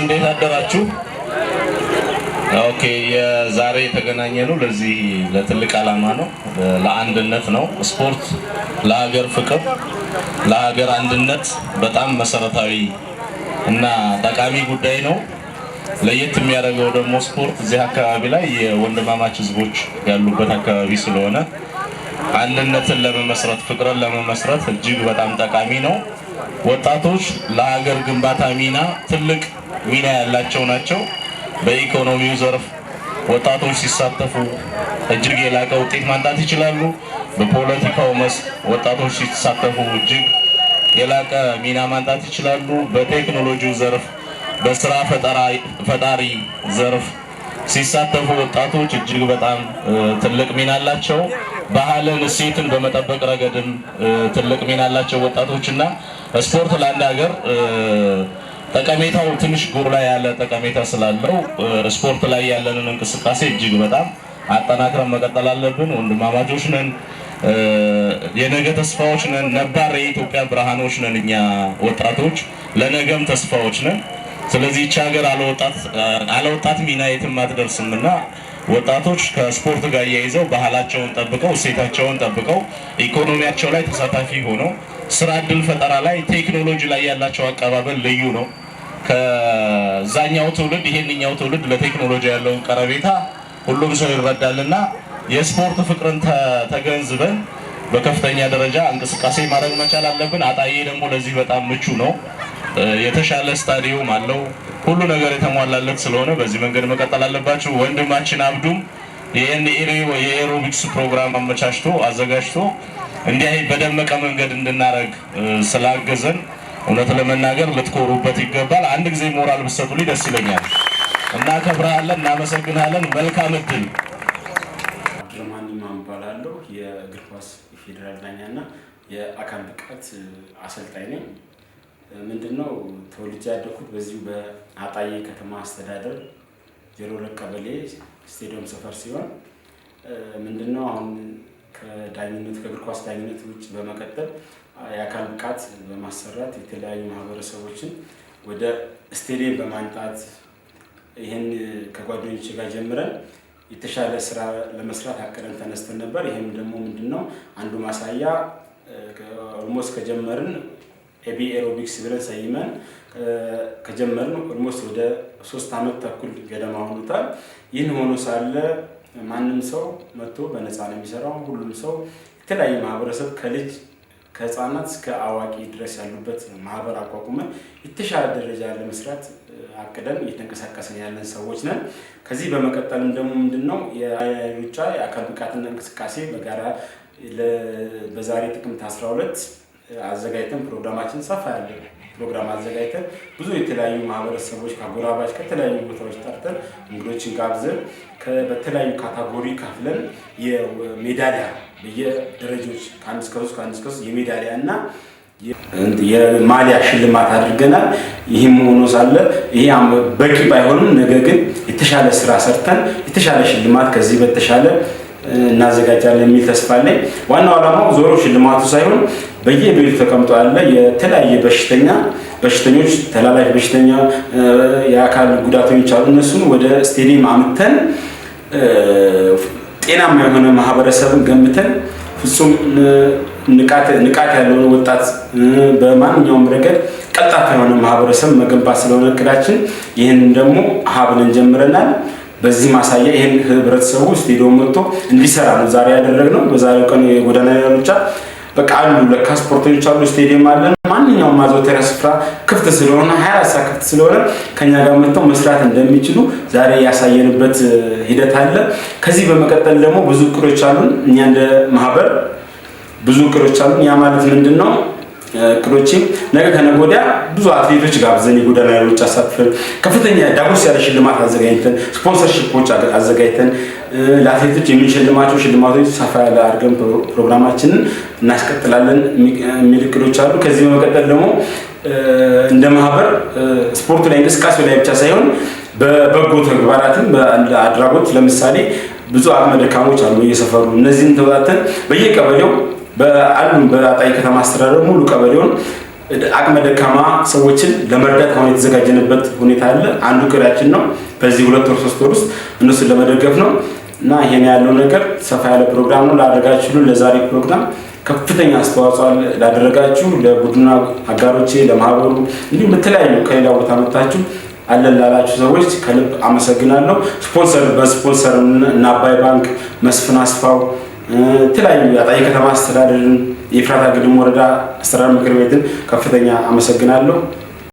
እንዴት አደራችሁ? ኦኬ የዛሬ የተገናኘ ነው ለዚህ ለትልቅ ዓላማ ነው፣ ለአንድነት ነው። ስፖርት ለሀገር ፍቅር፣ ለሀገር አንድነት በጣም መሰረታዊ እና ጠቃሚ ጉዳይ ነው። ለየት የሚያደርገው ደግሞ ስፖርት እዚህ አካባቢ ላይ የወንድማማች ህዝቦች ያሉበት አካባቢ ስለሆነ አንድነትን ለመመስረት ፍቅርን ለመመስረት እጅግ በጣም ጠቃሚ ነው። ወጣቶች ለሀገር ግንባታ ሚና ትልቅ ሚና ያላቸው ናቸው። በኢኮኖሚው ዘርፍ ወጣቶች ሲሳተፉ እጅግ የላቀ ውጤት ማምጣት ይችላሉ። በፖለቲካው መስክ ወጣቶች ሲሳተፉ እጅግ የላቀ ሚና ማምጣት ይችላሉ። በቴክኖሎጂው ዘርፍ፣ በስራ ፈጣሪ ዘርፍ ሲሳተፉ ወጣቶች እጅግ በጣም ትልቅ ሚና አላቸው። ባህልን፣ እሴትን በመጠበቅ ረገድም ትልቅ ሚና አላቸው ወጣቶች እና ስፖርት ለአንድ ሀገር ጠቀሜታው ትንሽ ጎላ ያለ ጠቀሜታ ስላለው ስፖርት ላይ ያለንን እንቅስቃሴ እጅግ በጣም አጠናክረን መቀጠል አለብን። ወንድማማቾች ነን፣ የነገ ተስፋዎች ነን፣ ነባር የኢትዮጵያ ብርሃኖች ነን። እኛ ወጣቶች ለነገም ተስፋዎች ነን። ስለዚህ ይቺ ሀገር አለወጣት ሚና የትም አትደርስም እና ወጣቶች ከስፖርት ጋር እያይዘው ባህላቸውን ጠብቀው እሴታቸውን ጠብቀው ኢኮኖሚያቸው ላይ ተሳታፊ ሆነው ስራ እድል ፈጠራ ላይ ቴክኖሎጂ ላይ ያላቸው አቀባበል ልዩ ነው። ከዛኛው ትውልድ ይሄንኛው ትውልድ ለቴክኖሎጂ ያለውን ቀረቤታ ሁሉም ሰው ይረዳልና የስፖርት ፍቅርን ተገንዝበን በከፍተኛ ደረጃ እንቅስቃሴ ማድረግ መቻል አለብን። አጣዬ ደግሞ ለዚህ በጣም ምቹ ነው። የተሻለ ስታዲየም አለው። ሁሉ ነገር የተሟላለት ስለሆነ በዚህ መንገድ መቀጠል አለባቸው። ወንድማችን አብዱም የኤንኤሪ የኤሮቢክስ ፕሮግራም አመቻችቶ አዘጋጅቶ እንዲህ በደመቀ መንገድ እንድናደርግ ስላገዘን እውነት ለመናገር ልትኮሩበት ይገባል። አንድ ጊዜ ሞራል ብትሰጡልኝ ደስ ይለኛል። እናከብረሃለን፣ እናመሰግናለን። መልካም እድል። ጀማኒ ማን እባላለሁ። የእግር ኳስ ፌዴራል ዳኛና የአካል ብቃት አሰልጣኝ ነኝ። ምንድነው ተወልጄ ያደኩት በዚሁ በአጣዬ ከተማ አስተዳደር ዜሮ ቀበሌ ስቴዲየም ሰፈር ሲሆን ምንድነው አሁን ከዳኝነት ከእግር ኳስ ዳኝነት ውጭ በመቀጠል የአካል ብቃት በማሰራት የተለያዩ ማህበረሰቦችን ወደ ስቴዲየም በማንጣት ይህን ከጓደኞች ጋር ጀምረን የተሻለ ስራ ለመስራት አቅደን ተነስተን ነበር። ይህም ደግሞ ምንድን ነው አንዱ ማሳያ ኦልሞስ ከጀመርን ኤቢ ኤሮቢክስ ብለን ሰይመን ከጀመርን ኦልሞስ ወደ ሶስት ዓመት ተኩል ገደማ ሆኖታል። ይህን ሆኖ ሳለ ማንም ሰው መጥቶ በነፃ ነው የሚሰራው። ሁሉም ሰው የተለያየ ማህበረሰብ ከልጅ ከህፃናት እስከ አዋቂ ድረስ ያሉበት ማህበር አቋቁመን የተሻለ ደረጃ ለመስራት አቅደን እየተንቀሳቀሰን ያለን ሰዎች ነን። ከዚህ በመቀጠልም ደግሞ ምንድን ነው የሩጫ የአካል ብቃትና እንቅስቃሴ በጋራ በዛሬ ጥቅምት 12 አዘጋጅተን ፕሮግራማችን ሰፋ ያለ ፕሮግራም አዘጋጅተን ብዙ የተለያዩ ማህበረሰቦች ከአጎራባች ከተለያዩ ቦታዎች ጠርተን እንግዶችን ጋብዘን በተለያዩ ካታጎሪ ከፍለን የሜዳሊያ በየደረጃዎች ከአንድ እስከ ሶስት ከአንድ እስከ ሶስት የሜዳሊያ እና የማሊያ ሽልማት አድርገናል። ይህም ሆኖ ሳለ ይሄ በቂ ባይሆንም ነገር ግን የተሻለ ስራ ሰርተን የተሻለ ሽልማት ከዚህ በተሻለ እናዘጋጃለን የሚል ተስፋ አለኝ። ዋናው ዓላማው ዞሮ ሽልማቱ ሳይሆን በየቤቱ ተቀምጦ ያለ የተለያየ በሽተኛ በሽተኞች፣ ተላላፊ በሽተኛ፣ የአካል ጉዳተኞች አሉ። እነሱን ወደ ስቴዲየም አምተን ጤናማ የሆነ ማህበረሰብን ገንብተን ፍጹም ንቃት ያለውን ወጣት በማንኛውም ረገድ ቀልጣፋ የሆነ ማህበረሰብ መገንባት ስለሆነ እቅዳችን፣ ይህንን ደግሞ ሀብለን ጀምረናል። በዚህ ማሳያ ይህን ህብረተሰቡ ስቴዲዮ መጥቶ እንዲሰራ ነው ዛሬ ያደረግነው። በዛሬው ቀን የጎዳና ላይ ሩጫ በቃ አሉ ለካ ስፖርተኞች አሉ፣ ስቴዲየም አለ። ማንኛውም ማዘውተሪያ ስፍራ ክፍት ስለሆነ ሀያ አራት ሰዓት ክፍት ስለሆነ ከኛ ጋር መጥተው መስራት እንደሚችሉ ዛሬ ያሳየንበት ሂደት አለ። ከዚህ በመቀጠል ደግሞ ብዙ እቅዶች አሉን። እኛ እንደ ማህበር ብዙ እቅዶች አሉን። ያ ማለት ምንድን ነው? እቅዶቼም ነገ ከነገ ወዲያ ብዙ አትሌቶች ጋብዘን የጎዳና ሩጫ አሳትፈን ከፍተኛ ዳጎስ ያለ ሽልማት አዘጋጅተን ስፖንሰርሽፖች አዘጋጅተን ለአትሌቶች የምንሸልማቸው ሽልማቶች ሰፋ ያለ አድርገን ፕሮግራማችንን እናስቀጥላለን የሚል እቅዶች አሉ። ከዚህ በመቀጠል ደግሞ እንደ ማህበር ስፖርቱ ላይ እንቅስቃሴ ላይ ብቻ ሳይሆን በበጎ ተግባራትም አድራጎት ለምሳሌ ብዙ አቅመ ደካሞች አሉ እየሰፈሩ እነዚህን ተወጣተን በየቀበሌው በአንዱ በአጣይ ከተማ አስተዳደር ሙሉ ቀበሌውን አቅመ ደካማ ሰዎችን ለመርዳት አሁን የተዘጋጀንበት ሁኔታ አለ። አንዱ ቅዳችን ነው። በዚህ ሁለት ወር ሶስት ወር ውስጥ እነሱን ለመደገፍ ነው እና ይሄን ያለው ነገር ሰፋ ያለ ፕሮግራም ነው። ላደረጋችሁ ለዛሬ ፕሮግራም ከፍተኛ አስተዋጽኦ ላደረጋችሁ ለቡድና አጋሮቼ፣ ለማህበሩ እንዲሁም በተለያዩ ከሌላ ቦታ መጥታችሁ አለን ላላችሁ ሰዎች ከልብ አመሰግናለሁ። ስፖንሰር በስፖንሰር እና አባይ ባንክ መስፍን አስፋው የተለያዩ የአጣዬ ከተማ አስተዳደርን፣ የኤፍራታ ግድም ወረዳ አስተዳደር ምክር ቤትን ከፍተኛ አመሰግናለሁ።